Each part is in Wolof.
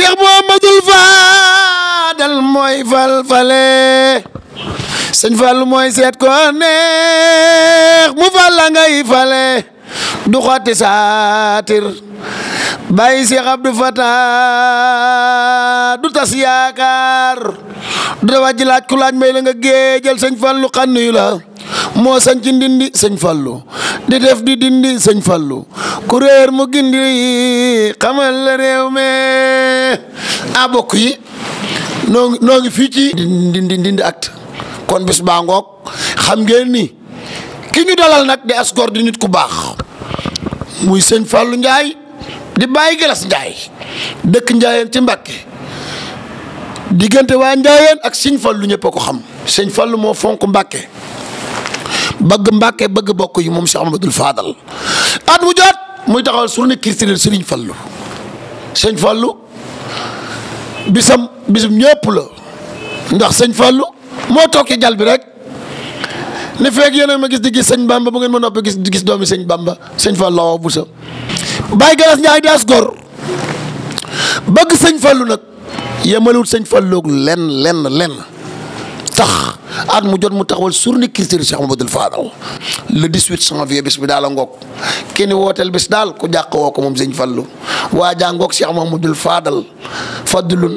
Cheikh Muhammadul Faadal mooy falfale sëñ Fallu mooy seet ko neex mu fal la du xotti saatir bàyyi Cheikh Abdou Fatah du tas yaakaar du wàjji laaj ku may la nga géejal sëñ Fallu xannuyu la moo sañ ci ndindi sëñ Fallou di def di dindi sëñ Fallou ku mu gindi xamal la réew me a ah, bokk yi noo noo ngi fii ci ndindi ndindi kon bis baa ngoog xam ngeen ni ki ñu dalal nag di as di nit ku baax muy sëñ Fallou Ndiaye di bàyyi Galas Ndiaye dëkk Ndiayeen ci Mbàkke diggante waa Ndiayeen ak sëñ Fallou ñëpp a ko xam sëñ Fallou moo fonk Mbàkke bëgg Mbàkke bagg bokk yi moom Cheikh Amadou Fadal at mu jot muy taxawal journée culturelle Serigne Fallou Sëñ Fallou bisam bisum ñëpp la ndax Sëñ Fallou moo toog ci jal bi rek ne feeg yéen ma gis di gis sëñ Bamba bu ngeen ma noppi gis di gis doomi sëñ Bamba sëñ Fallou la woo bu sa Baye Galas gor bëgg sëñ Fallou nag yemalul sëñ Fallou lenn lenn lenn. tax at mu jot mu taxawal journée culturelle Cheikh Mamadou Fadal le 18 janvier bis bi daal a ngoog kenn wooteel bis daal ku jàq woo ko moom sëñ Fallu waa jaa ngoog Cheikh Mamadou Fadal fadlun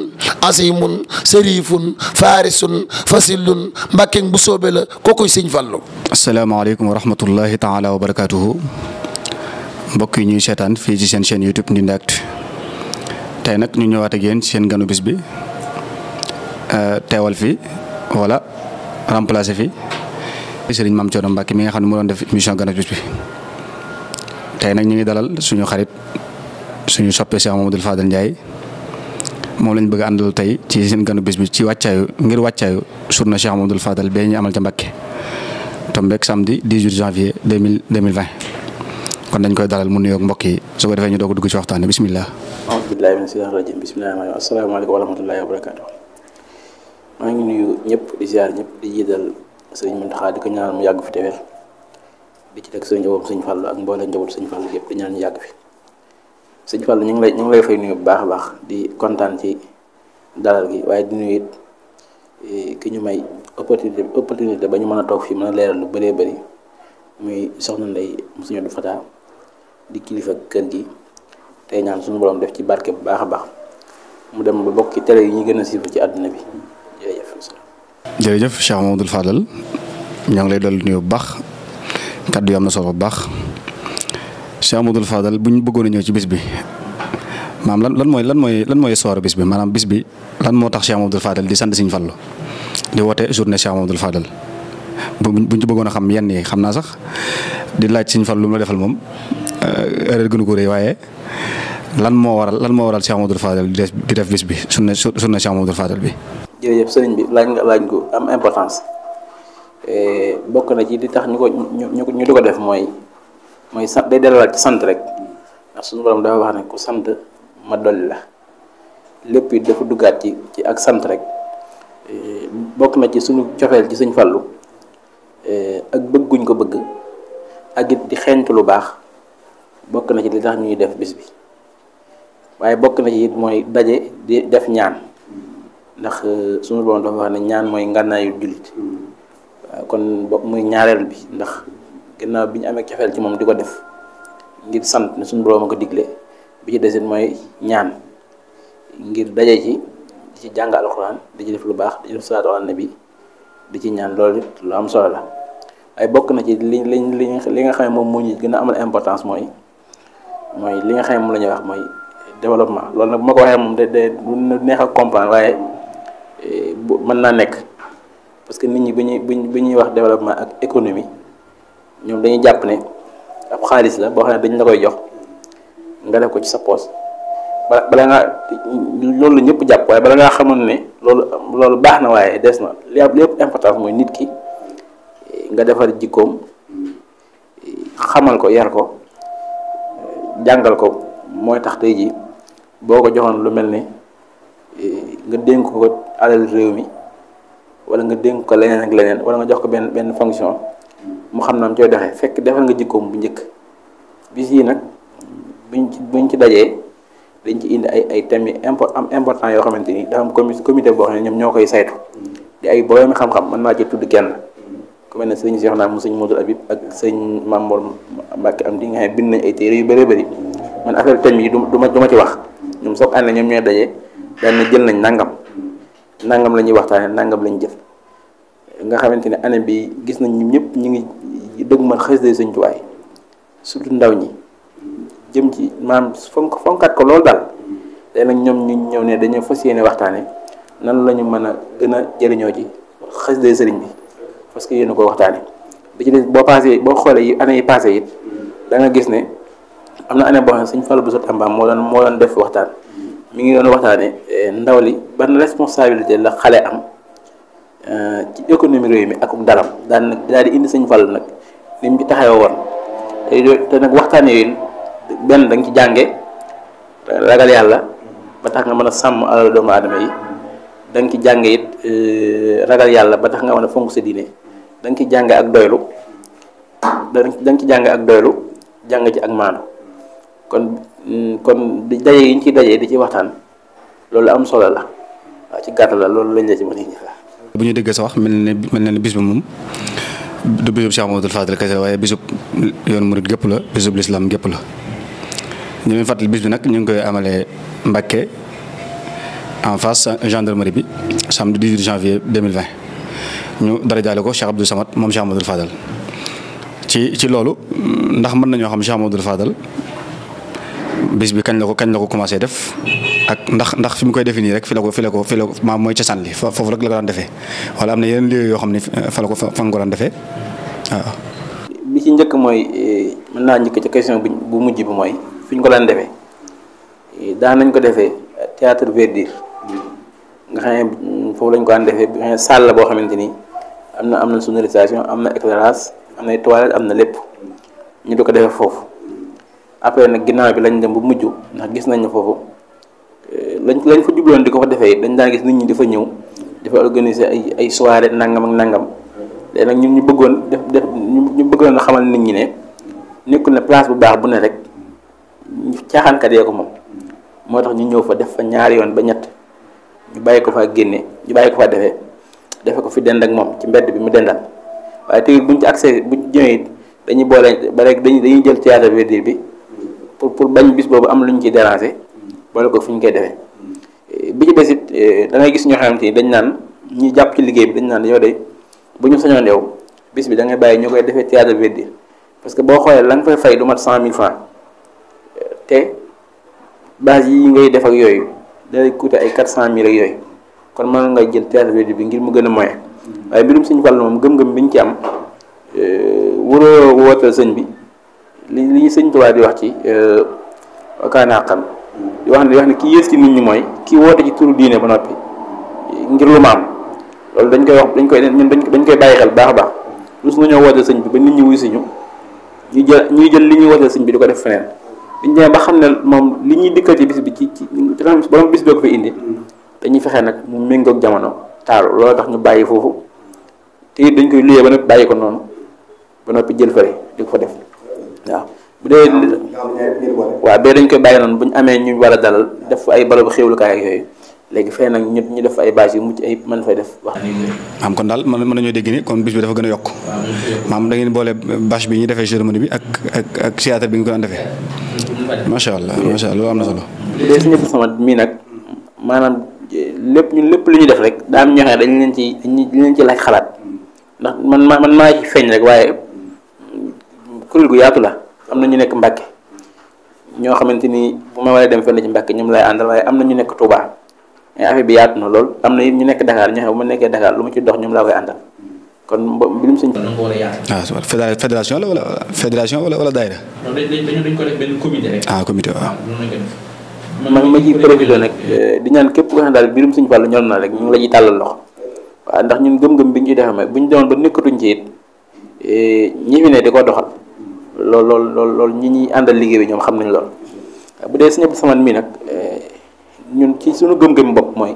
asimun serifun farisun fasilun mbàkkeng bu soobe la kookoy siñ Fallu asalaamaaleykum wa rahmatullahi taala wa barakatuhu mbokk yi ñuy seetaan fii ci seen chaîne YouTube Ndindy Actu tey nag ñu ñëwaat ak seen ganu bis bi euh, teewal fii voilà remplacé fi Serigne Mame Thierno Mbacke mi nga xam ne mu doon def émission ganu bis bi tey nag ñu ngi dalal suñu xarit suñu soppe Cheikh Mamadou Fadel Ndiaye moom lañ bëgg a tey ci seen ganu bis bi ci wàccaayu ngir na journée Cheikh Mamadou Fadel bee ñu amal ca Mbacke tombeek samedi 18 janvier 2020 kon dañ koy dalal mu nuyoog mbokk yi su ko defee ñu doog dugg ci waxtaan bi bisimilah. alhamdulilah. asalaamaaleykum maa ngi nuyu ñëpp di ziar ñëpp di jiital sëriñ Muntaxa di ko ñaan mu yàgg fi teewee di ci teg sëriñ Aboom sëriñ Fàllu ak mbooleem njaboot sëriñ Fàllu yëpp ñaan ñu yàgg fi ñu ngi lay ñu ngi lay fay nuyu bu baax baax di kontaan ci dalal gi waaye di nuyu eh, ki ñu may opportunité opportunité ba ñu mën a toog fii mën a lu bëree bëri muy soxna Ndey suñu du Fata di kilifa kër gi tey ñaan suñu borom def ci barke bu baax a baax mu dem ba bokk ci télé yi ñu gën a siifu ci àdduna bi jërëjëf Cheikh Mamadou Fadal ñoo ngi lay dolli nuyu bu baax kaddu yi am na solo bu baax Cheikh Mamadou Fadal bu ñu bëggoon ñëw ci bis bi maam lan lan mooy lan mooy lan mooy soir bis bi maanaam bis bi lan moo tax Cheikh Mamadou Fadal di sant Serigne Fallou di woote journée Cheikh Mamadou Fadal bu buñ ci bëggoon a xam yenn yi xam naa sax di laaj Serigne Fallou lu mu la defal moom euh, erreur gënu ko rëy waaye lan moo waral lan moo waral Cheikh Mamadou Fadal di def bis bi journée journée Cheikh Mamadou Fadal bi. jërëjëf sëriñ bi laaj nga laaj gu am importance eh, bokk na ci li tax ñu ko ñu ñu di ko def mooy mooy sant day delluwaat ci sant rek ndax suñu borom dafa wax ne ku sant ma la lépp it dafa duggaat ci ci ak sant rek eh, bokk na ci suñu cofeel ci suñ fàllu eh, ak bëgguñ ko bëgg ak it di xeeñtu lu baax bokk na ci li tax ñuy def bis bi waaye bokk na ci it mooy daje di def ñaan ndax euh, suñu borom dafa wax ñaan mooy ngànnaayu jullit waaw kon bo muy ñaareel bi ndax ginnaaw bi ñu amee cofeel ci moom di ko def ngir sant ne suñu borom a ko digle bi ci desit mooy ñaan ngir daje ci di ci jàng alxuraan di ci def lu baax di ci def na bi nabi di ci ñaan loolu it lu am solo la waaye bokk na ci li li li nga xam ne moom moo ñu gën a amal importance mooy mooy li nga xam ne moom la ñuy wax mooy développement loolu nag bu ma ko waxee moom day day neex a comprendre waaye. mën naa nekk parce que nit ñi bi ñuy bu ñuy wax développement ak économie ñoom dañuy jàpp ne ab xaalis la boo xam ne dañ la koy jox nga def ko ci sa poos bala bala ngaa loolu la ñëpp jàpp waaye bala ngaa xamoon ne loolu loolu baax na waaye des na li lépp importance mooy nit ki nga defar jikkoom xamal ko yar ko jàngal ko mooy tax tey jii boo ko joxoon lu mel ni nga dénk ko alal réew mi wala nga dénk ko leneen ak leneen wala nga jox ko benn benn fonction mu xam na am cooy doxee fekk defal nga jikkoom bu njëkk bis yi nag buñ ci buñ ci dajee dañ ci indi ay ay thèmes yu am important yoo xamante ni dafa am comi comité boo xam ne ñoom ñoo koy saytu ay boroom xam-xam naa ci tudd kenn ku sëñ Cheikh Naam mu sëñ Modou Habib ak sëñ Mamor Mbacke am di nga bind nañ ay téere yu bëri bëri man affaire thèmes yi du ma du ma ci wax ñoom soog ànd ñoom ñooy dajee daan na jël nañ nangam nangam la ñuy waxtaane nangam la ñu nga xamante ne année bi gis nañ ñu ñëpp ñu ngi dëgg ma xës day sëñ ndaw ñi jëm ci maanaam fonk fonkat ko loolu daal léegi nag ñoom ñu ñëw ne dañoo fas yéene waxtaane nan la ñu mën a gën a jëriñoo ci xës day sëriñ bi parce que yéen a ko waxtaane bi ci des boo passé boo xoolee yi année yi passé it da nga gis ne am na année boo xam ne sëñ Fallou Bousso Tamba moo doon moo doon def waxtaan mi ngi doon waxtaane eh, ndaw li ban responsabilité la xale am eh, ci économie réew mi akum daram daan nag daal di indi sëñ Fall nag ni bi ci taxawee woon te te nag waxtaan yooyu benn da ci jànge ragal yàlla ba tax nga mën a sàmm alal doomu aadama yi da ci jànge it eh, ragal yàlla ba tax nga mën a fonk sa diine da nga ci jànge ak doylu da ci jànge ak doylu jàng ci ak maanu kon kon mm, di daje yi ñu ci daje di ci waxtaan loolu am solo la waaw ci gàttal la loolu lañ la ci mën a ñu déggee sa wax mel na ne mel na ne bis bi moom du bisub Cheikh Mamadou Fadel kese waaye bisub yoon murid gépp la bisub lislaam gépp la ñu ngi fàttali bis bi nag ñu ngi koy amalee Mbàkke en face gendarmerie bi samedi 18 janvier 2020 ñu dara jaale ko Cheikh Abdou Samad moom Cheikh Mamadou Fadel ci ci loolu ndax mën nañoo xam Cheikh Mamadou Fadel bis bi kañ la ko kañ la ko commencé def ak ndax ndax fi mu koy defee nii rek fi la ko fi la ko fi la ko maam mooy li foofu rek la ko am na yeneen lieu yoo xam ne fa fa nga ko daan defee waaw. bi ci njëkk mooy eh, mën naa njëkk ci question bu mujj bi mooy fi ñu ko daan defee eh, daan nañ ko defee théâtre verdure nga xam ne foofu lañ ko daan defee nga xam ne salle la boo xamante ni am na am na sonorisation am na éclairage am na toilette am na lépp ñu du ko defee foofu. après nag ginnaaw bi lañu dem bu mujj ndax gis nañ foofu eh, lañ lañ fa jubloon di ko fa defee dañ daan gis nit ñi dafa ñëw dafa organiser ay ay soirée nangam ak nangam léegi nag ñun ñu bëggoon def def ñu bëggoon a xamal nit ñi ne nekkul ne place bu baax bu ne rek ñu caaxaankat ko moom moo tax ñu ñëw fa def fa ñaari yoon ba ñett ñu bàyyi ko faa génne ñu bàyyi ko faa defee defe ko fi dend ak moom ci mbedd bi mu dendal waaye te buñ ci bu buñ ñëwee dañuy boole ba rek dañu dañuy jël ci théâtre bi pour pour bañ bis boobu am lu ci ciy déranger boole ko fu ñu koy defee eh, bi ci des it eh, da ngay gis ñoo xamante ni dañ naan ñi jàpp ci liggéey bi dañ naan yow de bu ñu sañoon yow bis bi da ngay bàyyi ñoo koy defee théâtre weddi parce que boo xoolee lañ nga fay fay du mat cent mille francs te base yi ngay def ak yooyu dalay coûter ay quatre cent mille ak yooyu kon man ngay jël théâtre weddi bi ngir mu gën a moyen waaye mbirum sëñ Fall moom gëm-gëm bi ñu ci am eh, waroo wootal sëñ bi li li ñu sëñ Tuubaa di wax ci euh, kaanaaqan di wax ne di wax ne ki yées ci nit ñi mooy kii woote ci turu diine ba noppi ngir lu maam loolu dañ koy wax dañ koy ñun dañ koy bàyyi xel baax a baax rus nañoo woote sëñ bi ba nit ñi wuy si ñu ñu jël ñuy jël li ñuy woote sëñ bi di ko def feneen biñ demee ba xam ne moom li ñuy dikkal ci bis bi ci ci borom bis boo ko fi indi dañuy fexe nag mu méngoog jamono taaru loolu tax ñu bàyyi foofu te dañ koy luyee ba noppi bàyyi ko noonu ba noppi jël fële di ko def waa bu dee waaw bee dañ koy bàyyi noonu bu ñu amee ñu war a dalal def ay barabu xéwlukaay ak yooyu léegi fee nag ñu ñu def ay bâche yu mucc ay man fay def wax maam kon daal mën nañoo dégg ni kon bis dafa gën a yokk maam da ngeen boole bâche bi ñu defee cérémonie bi ak ak ak bi nga ko defee macha allah macha allah loolu am na solo dee suñu sama mii nag maanaam lépp ñu lépp lu ñu def rek daa am ñoo xam dañ leen ci dañ leen ci laaj xalaat ndax man man maa feeñ rek waaye kuréel gu yaatu la am na ñu nekk Mbàkke ñoo xamante ni bu ma waree dem fenn ci Mbàkke ñoom lay àndal waaye am na ñu nekk Touba mais affaire bi yaatu na lool am na it ñu nekk Dakar ñoo ma nekkee Dakar lu ma ci dox ñoom laa koy kon mbirum sëñ. kon war a yaatu. ah fédération la wala fédération wala wala daayira. non dañ ko def benn comité rek. ah euh, di ñaan képp koo xam ne daal mbirum sëñ Fallu ñor la ciy tàllal loxo waaw ndax ñun gëm-gëm bi ñu ci defamee bu ñu demoon ba nekkatuñ ci it euh, ñi ne di ko doxal lool lool lool lool ñi ñuy àndal liggéey bi ñoom xam nañ lool bu dee sëñ Abdou Samad mii nag eh, ñun ci suñu gëm-gëm bopp mooy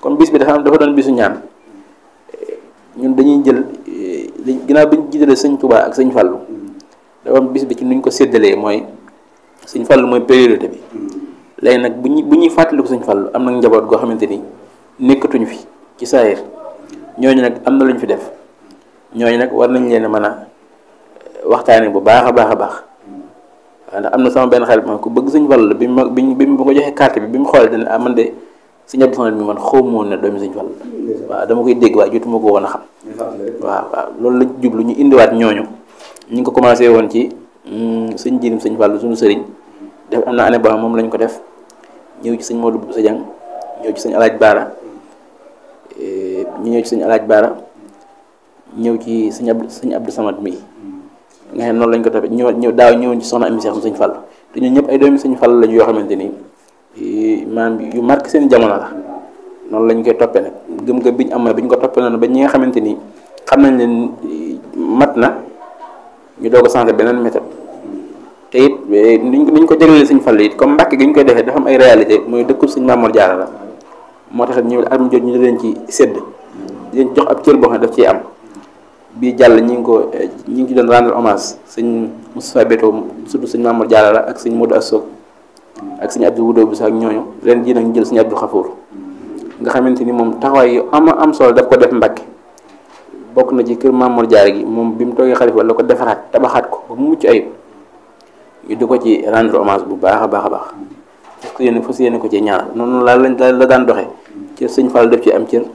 comme bis bi dafa am dafa doon bisu ñaan eh, ñun dañuy jël eh, li ginnaaw bi ñu jiitalee sëñ Touba ak sëñ Fallou dafa am bis bi ci nuñ ko séddalee mooy sëñ Fallou mooy priorité bi léegi nag bu ñuy bu ñuy fàttaliku sëñ Fallou am na njaboot goo xamante ni nekkatuñu fi ci saayir ñooñu nag am na lu ñu fi def ñooñu nag war nañ leen a mën a waxtaanee bu baax a baax a baax waaw ndax am na sama benn xarit ma ku bëgg suñu Fallu la bi ma bi mu ko joxee carte bi bi mu xoolee dina ah, man de suñu Abdou Samad mi man xawmoon ne doomi suñu Fallu la dama koy dégg waaye jotuma ko woon a xam waaw waaw loolu la jublu ñu indiwaat ñooñu ñu ngi ko commencé woon ci mm, suñ jirim suñ Fallu suñu sëriñ def am na année boo moom lañ ko def ñëw ci suñ Modou Boussa Dieng ñëw ci suñ Alaaj Baara eh, ñu ñëw ci suñ Alaaj Baara ñëw ci suñ Abdou suñ Abdou Samad mii nga xam noonu lañ ko toppee ñëw ñëw daaw ñëwoon ci soxna Amy Cheikh mu sëñ Fall te ñun ñëpp ay doomi sëñ Fall lañ yoo xamante ni maam yu marqué seen jamono noonu lañ koy toppee nag gëm-gëm bi ñu am na ñu ko toppee ba ñi nga xamante ni xam nañ leen mat na ñu doog a changé beneen méthode te it e, niñ ko niñ ko jaglelee sëñ Fall it comme mbàkk gi koy defee dafa ay réalité mooy dëkku sëñ Mamour Diarra la moo tax ñu at mu jot ñu leen ci sedd di leen jox ak cër boo xam def daf ciy am. bii jàll ñi ngi ko ñi ngi ci doon rendre hommage sëñ Moustapha Beto surtout sëñ Mamour Diarra la ak sëñ Modou Assoog ak sëñ Abdou Wudo Bisa ak ñooñu ren jii nag ñu jël sëñ Abdou Khafour nga xamante ni moom taxawaay yu am am solo daf ko def Mbàkke bokk na ci kër Mamour Diarra gi moom bi mu toogee xalifa wala ko defaraat tabaxaat ko mu mucc ay ñu du ko ci rendre hommage bu baax a baax a baax fas yéene fas yéene ko ci ñaar noonu la la daan doxee ci sëñ Fall def ci am cër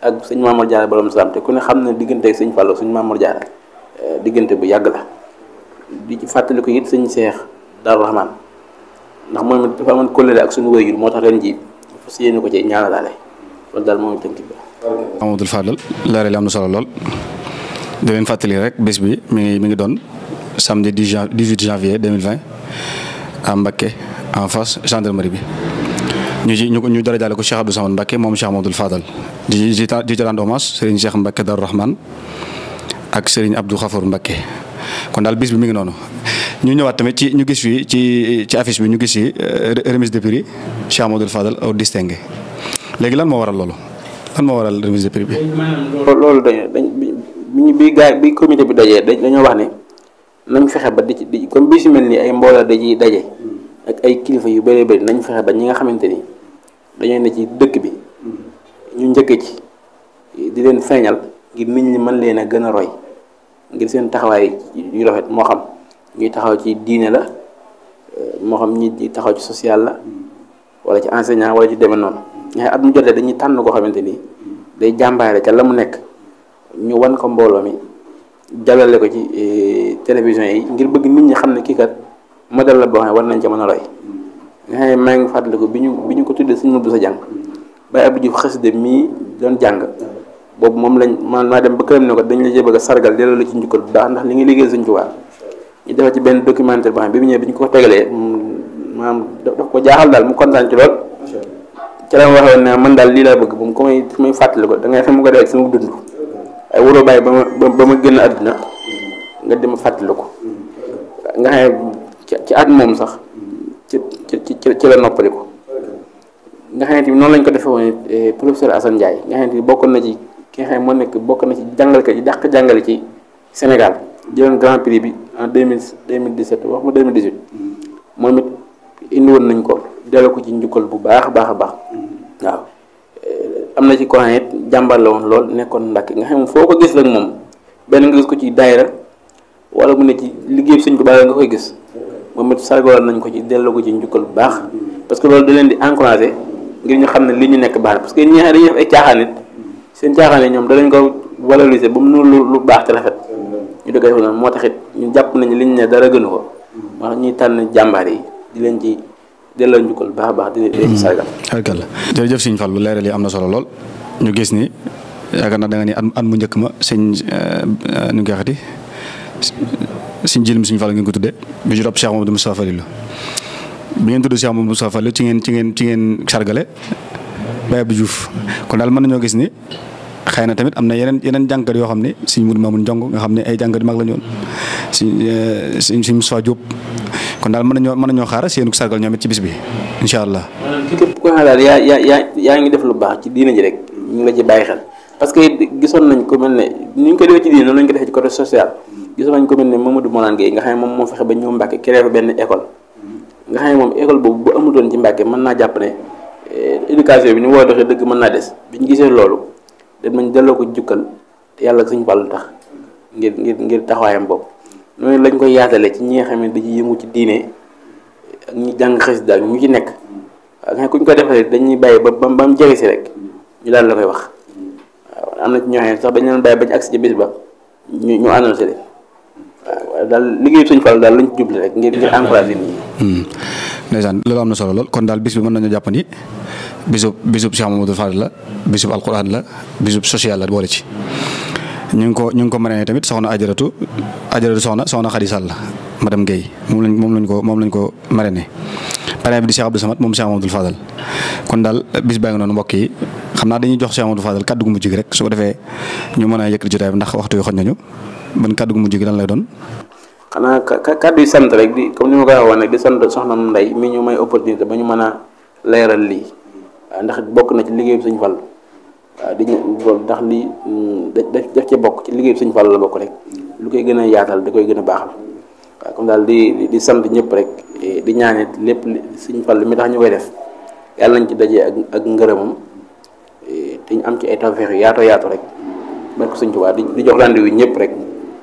ak sëñ Mamour Diarra borom Saam te ku ne xam ne diggante ak sëñ Fallou sëñ Mamour euh, diggante bu yàgg la di ci fàttali ko it sëñ Cheikh Darou Rahman ndax moom it dafa amoon kóllëre ak suñu wéyjur moo tax ren ji fas yéene ko ci ñaanalaale loolu daal moom tënk bi. Amadou laare li am na solo lool di leen fàttali rek bés bi mi ngi mi ngi doon samedi 18 janvier 2020 à Mbacké en face gendarmerie bi. ñu ci ñu ñu dara jaale ko Cheikh Abdou Samad Mbacke moom Cheikh Amadou Fadal di di di ci rendre hommage Serigne Cheikh Mbacke Darou Rahman ak Serigne Abdou Khafour Mbacke kon daal bis bi mi ngi noonu. ñu ñëwaat tamit ci ñu gis fii ci ci affiche bi ñu gis yi euh, remise de prix Cheikh Amadou Fadal au distingué léegi lan moo waral loolu lan moo waral remise de prix bi. loolu dañuy dañ bi bi gaa bi comité bi dajee dañoo wax ne nañ fexe ba di ci comme bi si mel nii ay mbooloo dañuy daje. ak ay kilifa yu bëree bëri nañ fexe ba ñi nga xamante ni dañoo ne ci dëkk bi ñu njëkk ci di leen feeñal ngir nit ñi mën leen a gën a roy ngir seen taxawaay yu rafet moo xam ñuy taxaw ci diine la euh, moo xam ñi taxaw ci social la walla ci enseignant wala ci deme noonu nga at mu jotee dañuy tànn koo xamante ni day jàmbaare ca la mu nekk ñu wan ko mbooloo mi jàllale ko ci euh, télévision yi ngir bëgg nit ñi xam ne kii kat. modèle la boo xam ne war nañ ca mën a roy nga xam ne maa ngi fàttaliku bi ñu bi ñu ko tuddee suñu bu sa jàng Baye Abdou Diouf xasida mii doon jàng boobu moom lañ man maa dem ba këram ne ko dañ la jëbëgg a sargal delloo la ci njukkal bu baax ndax li nga liggéey suñ tubaab ñu defal benn documentaire boo xam bi mu ñëwee bi ñu ko tegalee maanaam daf ko jaaxal daal mu kontaan ci lool ci la ma ne man daal lii laa bëgg moom ku may ku may fàttaliku da ngay fi mu ko defee sama dund ay wuroo bàyyi ba ma ba ma génn àdduna nga dem fàttaliku nga xam ci at moom sax ci ci ci la noppali ko nga xamante ni noonu lañ ko defee woon eh, professeur assan Ndiaye nga xamante ni bokkoon na ci ki moo nekk bokk na ci jàngalekat yi dàq jàngale ci Sénégal jëloon grand prix bi en deux mille deux mille dix sept wax ma deux mille moom it indi woon nañ ko delloo ko ci njukkal bu baax a baax a baax waaw eh, am na ci ko xam it la woon lool nekkoon ndakk nga xam foo ko gis nag moom benn nga ko ci daayira wala mu ne ci liggéey bi suñ ko bàyyi nga koy gis. moom it sargawal nañ ko ci delloo ko ci njukkal bu baax parce que loolu da leen di encouragé ngir ñu xam ne li ñu nekk baax parce que ñi dañuy def ay caaxaan it seen caaxaan yi ñoom danañ ko valoriser ba mu nu lu baax te rafet ñu dëgg noonu moo tax it ñu jàpp nañu li ñu ne dara gënu ko wax ñuy tànn jàmbaar yi di leen ci delloo njukkal bu baax a baax di leen ci sargal mm-hmm. la jërëjëf Sëñ Fallu leeral yi am na solo lool ñu gis ni yaakaar naa da nga ni at mu njëkk ma sëñ euh, nu ngeexati suñ jëlim suñ Fall ngeen ko tuddee bi ci topp Cheikh Mamadou Moustapha Falilou bi ngeen tuddee ngeen ci ngeen ci ngeen sargale Baye Abdou Diouf na tamit am na yeneen yeneen jàngat yoo xam ne suñ Moudou Mamoun Jong nga xam ne ay jàngat mag la ñu woon suñ suñ suñ Moussa Diop bi incha allah. képp koo xam daal yaa yaa lu baax ci diina ji rek ñu ngi la ci bàyyi xel parce que gisoon nañ ko mel ne ni ñu ko defee ci diine noonu lañ ko defee ci côté social gis nañ ko mel ne Mamadou Moulane Gueye nga xam ne moom moo fexe ba ñëw Mbacke créé benn école nga xam ne moom école boobu bu amutoon ci Mbacke mën naa jàpp ne eh, éducation bi ni mu war a dëgg mën naa des bi ñu gisee loolu dem nañ delloo ko jukkal te yàlla suñu wàllu tax ngir ngir ngir taxawaayam boobu noonu lañ koy yaatale ci ñi nga xam ne dañuy yëngu ci diine ak ñi jàng xasida ak ñu ci nekk waaw nga kuñ ko defee dañuy bàyyi ba ba mu jege si rek ñu daal la koy wax waaw am sax dañu leen bàyyi bañ agsi ci bis ba ñu ñu annoncé leen daal liggéey suñu Fallu daal hmm. loolu am na solo lool kon daal bis bi mën nañu jàpp ni bisub bisub Cheikh Mamadou Fall la bisub alquran la bisub social la boole ci. ñu ngi ko ñu ngi ko mënee tamit soxna ajaratu ajaratu soxna soxna Khady Sall madame Guèye moom lañ moom lañ ko moom lañ ko mënee parrain bi di Cheikh Abdou moom Cheikh Mamadou Fadal kon daal bis baa ngi noonu mbokk yi xam naa dañuy jox Cheikh Mamadou Fadal kàddu gu rek su ko defee ñu mën a yëkkati jotaay bi ndax waxtu wi xoj nañu ban kàddu gu mujj gi lan lay doon. xanaa kàddu yi sant rek di comme ni ma ko waxee woon rek di sant soxna Ndey mi ñu may opportunité ba ñu mën a leeral lii ndax bokk na ci liggéeyam Sëñ Fall waaw di ndax lii mm, daf ci bokk ci liggéeyam Sëñ Fall la bokk rek lu koy gën a yaatal da koy gën a baaxal waaw comme daal di di sant ñëpp rek di ñaanit lépp Sëñ Fall mi tax ñu koy def yàlla nañ ci dajee ak ak ngërëmam eh, te ñu am ci ay tawfeex yu yaato yaatu rek barke Sëñ Tuubaa di jox rendez-vous ñëpp rek.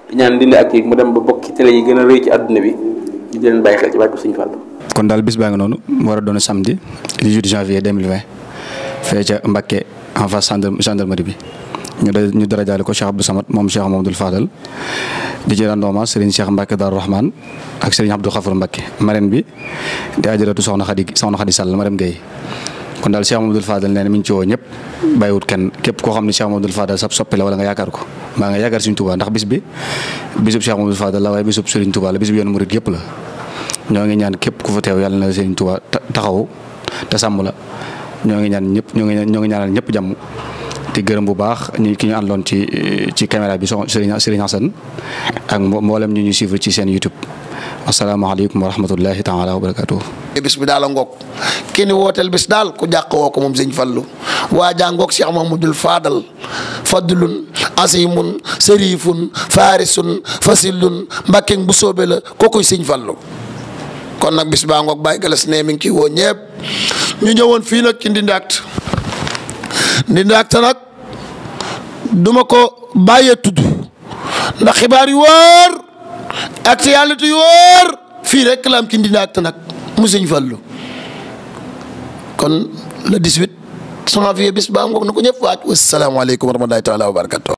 di ñaan ak mu dem ba bokk ci yi gën a rëy ci àdduna bi ñu di xel ci barke Sëñ Fallu kon daal bis baa ngi noonu war a doon samedi 18 janvier 2020 fee ca Mbacké en face gendarmerie bi ñu da ñu darajaale ko Cheikh Abdou Samad moom Cheikh Mamadou Fadal di ci rendre hommage Serigne Cheikh Mbacké Darou Rahman ak Serigne Abdou Khafour Mbacké marraine bi di ajaratu Soxna Xadi Soxna Xadi Sall Maram Gueye kon daal Cheikh Mamadou Fadal nee na mi ngi ci woo ñëpp bàyyiwut kenn képp koo xam ne Cheikh Mamadou Fadal sab soppi la wala nga yaakaar ko mbaa nga yaakaar Serigne Touba ndax bis bi bisub Cheikh Mamadou la ñoo ngi ñaan képp ku fa teew yàlla na Serigne Touba taxaw te sàmm la ñoo ngi ñaan ñëpp ñoo ngi ñoo ngi ñaanal ñëpp jàmm di gërëm bu baax ñu ki ñu àndoon ci ci caméra bi soxna Serigne Serigne Hassane ak mboolem ñu ñu suivre ci seen YouTube asalaamaaleykum wa rahmatullahi taala wa barakaatu. bis bi daal a ngoog ki ni wooteel bis daal ku jàq woo ko moom sëñ Fallu waa jàngoog Cheikh Mahmadul Fadal fadlun asimun sariifun faarisun fasilun mbàkkeng bu soobe la kookuy sëñ Fallu kon nag bis baa ngoog galas ne mi ngi ciy woo ñëpp ñu ñëwoon fii nag ci Ndindy Actu Ndindy Actu nag duma ko bàyyee tudd ndax xibaar yu wóor ak si yàlla tu wóor fii rek la am ci ndina ak nag mu sëñ Fallu kon le 18 janvier bis ba ngoog na ko ñëpp waaj wasalaamaaleykum wa rahmatulahi taala wa barakatu